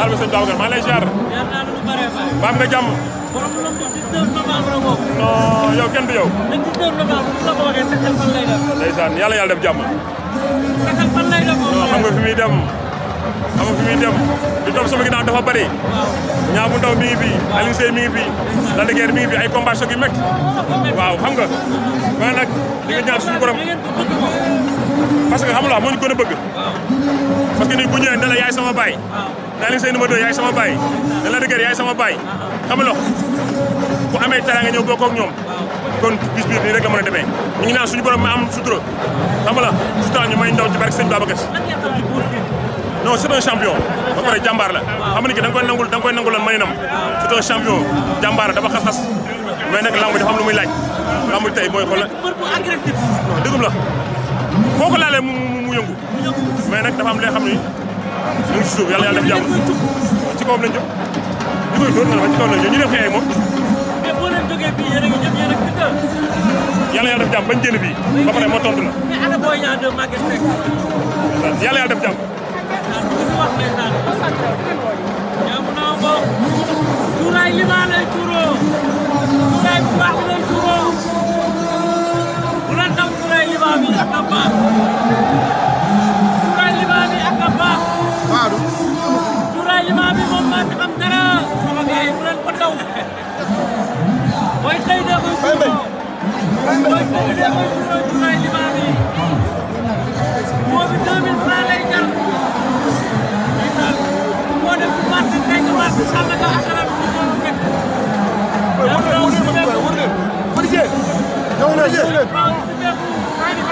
taal bi sëñ Babacar maa lay ziar. baam nga jàmm. borom lu mu 19 novembre la bokk. non kenn du yow. le 19 novembre la ko waxee sakal jàmm. sakal fan nga fi muy dem. xam nga fi muy dem di topp sama ginnaaw dafa bëri. waaw ñaabu ndaw mi fi. waaw Alioune fi. Lac de Guiers fi ay combat choc yu métti. waaw xam nga. nag di nga ñaan suñu borom. parce que xam nga moo ñu gën a bëgg. parce que ni bu ne la yaay sama baay. naa leen say numéro yaay sama baay la sama baay xam nga ku amee la a demee ñu ngi naan suñu borom ma am sutura xam nga sutura ñu may la xam nga da nga koy da koy nangul lan maninam c'est un champion jàmbaar la dafa xas-xas mais nag lamb bi dafa am lu muy laaj lamb bi tey mooy xool la dëggum la foo ko laalee mu mu yëngu mais nag dafa am lee xam ni ñu ngi si suuf yàlla yàlla def jàmm ci kawam lañ jëm ñu koy dóor na dafa ci kawam lañ jëm ñu def xeex a ngi jëm yéen a ngi tëdd. yàlla yàlla def jàmm bañ jënd fii ba pare ma tontu de Maguette Seck. Baye Mbaye. moo fi 2000F lay jar. moo dem ci marché tey nga marché sànq nga asalaam bi ñu doon fekk. yaa ngi doon suñu benn wër leen wër leen. yow la yow la. waaw suñu benn waaye li ma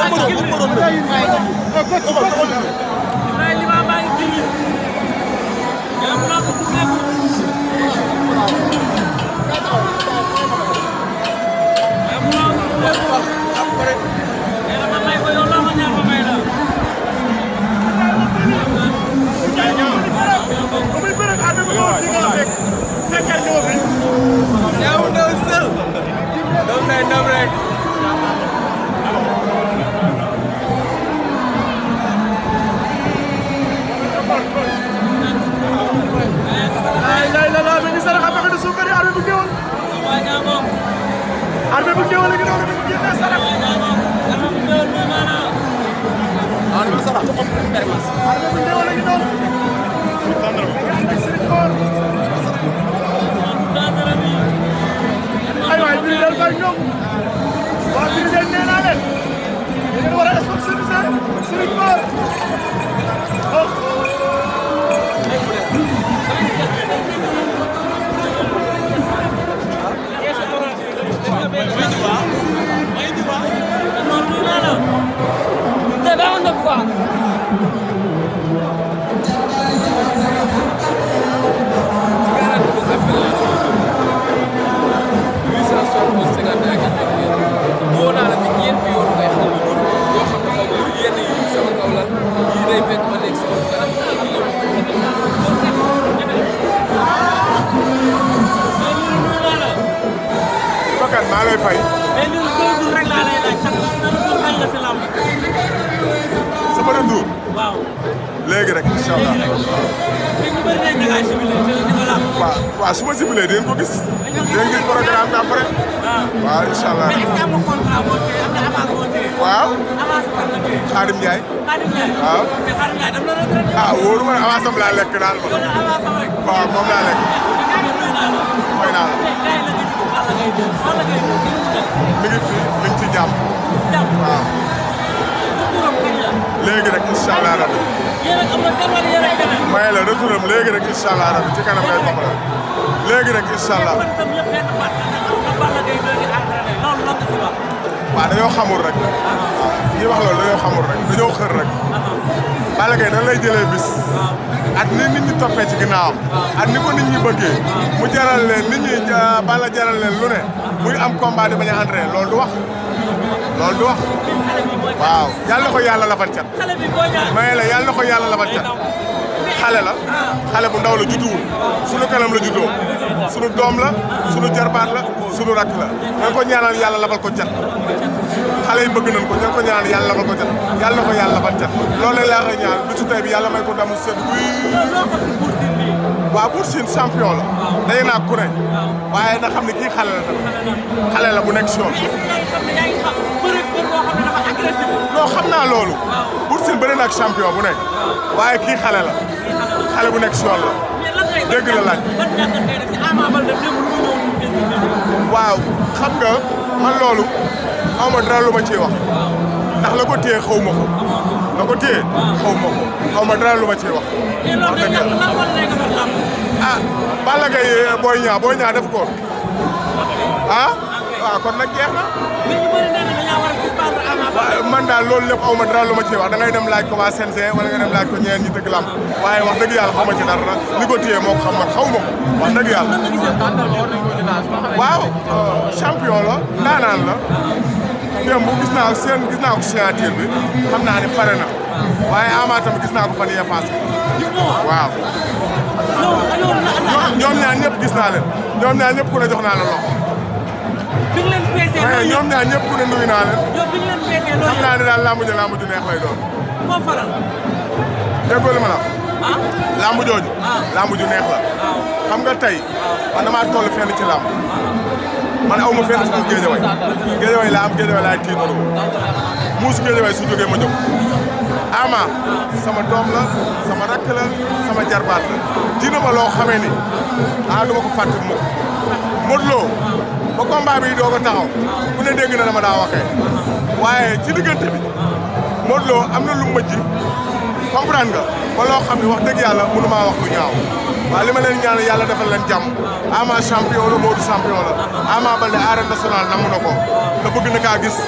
wax. waaye li ma doon def. Sëriñ Mor koy fay. mais ñun toujours rek laa lay laaj sax lan la si lamb. sama retour. waaw. léegi rek incha allah léegi rek. mais ñu bëri nañ da ngaa simulé te di nga lamb. waaw waaw su ma simulé di ngeen ko gis. di ngeen gis programme bi après. waaw waaw incha allah. mais est-ce que am nga contrat boo téye am nga avance boo téye. waaw avance fan nga téye. Xaadim Ndiaye. Xaadim Ndiaye. waaw mais Xaadim Ndiaye dama la retraité. ah wóoru ma ne avance am laa lekk daal ma. wóoru avance am rek. waaw moom laa lekk. fay naa la. mi ngi fi mi ngi ci jàmm. waaw. léegi rek incha allah rabi. may la retouram léegi rek incha ci kanam lay toppal léegi waaw dañoo xamul rek waaw ñi wax loolu dañoo xamul rek dañoo xër rek Balla Gaye nan lay jëlee bis ni nit ñi toppee ci ginnaawam ak ni ko nit ñi bëggee mu jaral leen nit ñi Balla jaral leen lu ne muy am combat di bañ a entraîné loolu du wax loolu du wax waaw yàlla na ko yàlla lafal cat may la yàlla na ko yàlla lafal cat xale la xale bu ndaw la judduwul sunu kanam la juddoo sunu doom la sunu jarbaat la sunu rakk la da ko ñaanal yàlla labal ko cat xale yi bëgg nañ ko da ko ñaanal yàlla labal ko cat yàlla na ko yàlla labal lool loolu laa koy ñaan bisu tey bi yàlla may ko damu sedd waaw Bour Sine champion la. waaw naa ku ne. waaye na xam ne kii xale la xale la bu nekk si yoon. xam naa loolu. waaw Bour Sine bëri na ak bu nekk. waaye kii xale la. xale bu nekk si yoon la. dëgg la laaj. waaw xam nga man loolu aw ma dara lu ma ciy wax. ndax la ko téye xaw ma na ko téye. ma ko xaw ma dara lu ma ci wax. wax dëgg ba xam. ah Balla Gaye eh, Boy def ko. ah waaw ah, kon nag jeex na. Ah, man daal loolu lépp xaw ma dara lu ma ci wax da dem laaj ko waa CNG wala nga dem laaj ko ñeneen ñi dëgg lam waaye wax dëgg yàlla xaw ma dara li ko yee moo ko xam man xaw ma ko wax dëgg yàlla. waaw euh, la. démb gis naa seen gis naa ko signature bi xam naa ne pare na waaye Ama tamit gis naa ko fan ñoom ñaar ñëpp gis naa leen ñoom ñaar ñëpp ku ne jox naa la loxo ñoom ñaar ñëpp ku ne nuyu naa ne daal làmb ji làmb neex lay doon déggoo li ma la ah. làmb jooju ah. làmb ju neex la ah. xam nga tey man toll fenn ci làmb man aw ma fenn suñu géejawaay géejawaay laa am géejawaay laay tiitaroo muus géejawaay su jógee ma jóg ama sama doom la sama rakk la sama jarbaat la dina ma loo xamee ni ah du ma ko fàtte ba combat bi doo ko taxaw ku ne dégg na dama daa waxee waaye ci diggante bi Modou Lo am na lu ma ji comprendre nga ba loo xam ne wax dëgg yàlla mënu maa wax lu ñaaw waaye li ma leen ñaan yàlla defal leen jàmm Ama champion la Modou champion la Ama Baldé arène nationale nangu na ko te bëgg kaa gis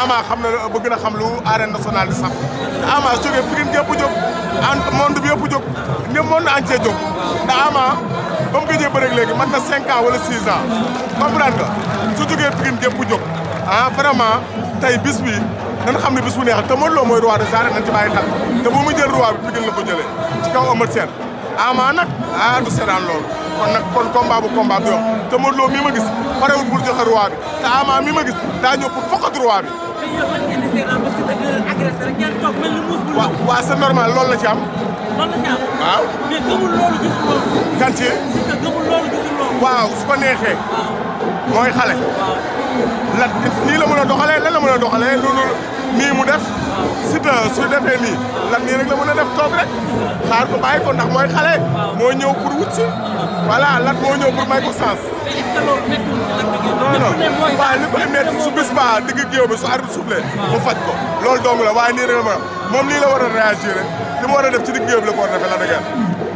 Ama xam na bëgg na xam lu arène nationale di sax te Ama jógee Pikine gépp jóg en monde bi yëpp jóg ñëpp monde entier jóg Ama ba gëjee bëreeg léegi mat na 5 ans wala 6 ans comprendre nga su jógee Pikine gépp jóg ah vraiment tey bis bi nan xam ne bis bu neex te Modou Lo mooy roi des arènes nañ mu jël roi bi la ko jëlee ci kaw Eumeu Sène Ama nag ah du seetaan kon nag kon combat bu combat bi yomb te Modou Lo mi ma gis parewul pour joxe roi bi te mi ma gis daa foqat roi bi. waaw normal loolu la ci am. loolu la ci am. waaw mais ko neexee. mooy xale. waaw nii la mën a doxalee lan la mën a doxalee loolu nii mu def. Siteu su defee lii nii rek la mën a def toog rek xaar ko bàyyi ko ndax mooy xale. moo ñëw pour wut si. voilà lan moo ñëw pour may ko sens. mais est-ce que loolu li koy métti su bis su arbitre soufflé mu ko loolu dong la waaye nii rek la ma moom nii la war a réagir li mu war a def ci digg géew bi la ko war a defee la dëgër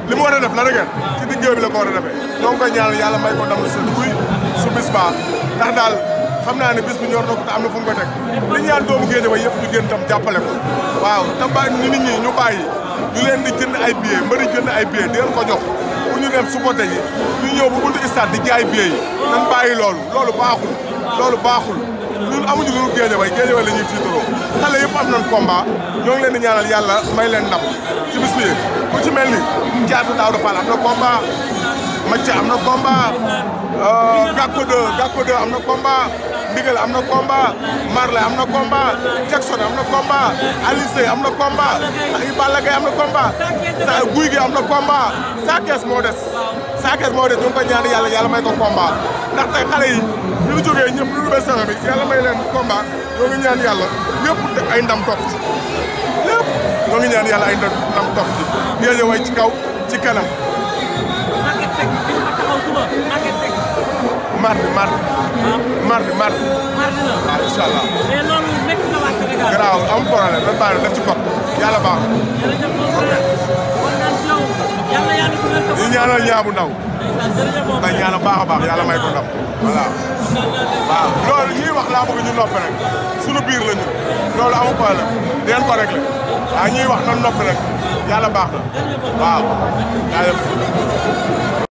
li mu war a def la dëgër ci digg géew bi la ko war a defee donc ñaan yàlla may koo ndam seen buy su bis ba am naa ne bis bi ñor na ko te am na fu mu ko teg li ñaan doomu géeja yëpp ñu gën tam jàppale ko waaw te ñu nit ñi ñu bàyyi ñu leen di jënd ay billets mbëri jënd ay billets di leen ko jox ñu dem supporté yi ñu ñëw buntu stade di jaay billets yi nan loolu loolu baaxul loolu baaxul lu géeja bay géeja bay la ñuy tiitaroo yëpp am nañ combat ñoo leen ñaanal yàlla may leen ndam ci bis bi ku ci mel ni jaatu daaw dafaal am na am na combat Gakko a Gakko 2 Ndigal am na combat Marley am na combat Jackson am na combat Aliou am na combat Balla Gaye am na combat sa Gouye am na combat Sa Thiès moo des Sa Thiès moo des ñu ngi ko yàlla yàlla may ko combat ndax tey xale yi ñu ngi jógee ñëpp lu dul semaine bi yàlla may leen combat ñoo ngi ñaan yàlla ñëpp ay ndam topp ci lépp ñoo ngi yàlla ay ndam topp ci yéen way ci kaw ci kanam. mardi mardi. mardi mardi. mardi ah, la waaw incha allah. mais loolu nekk na waa Sénégal. garaaw am problème dañ bàyyi def ci bopp yàlla baax. yàlla def ko ok. kon naan ci yow yàlla yàlla dugal ko. ñu ñaanal ñaamu ndaw. day ñaanal baax a baax yàlla may ko ndam voilà. waaw loolu ñuy wax laa bëgg ñu noppi rek sunu biir la ñu loolu amul problème di leen ko réglé waaw ñuy wax nan noppi rek yàlla baax na waaw.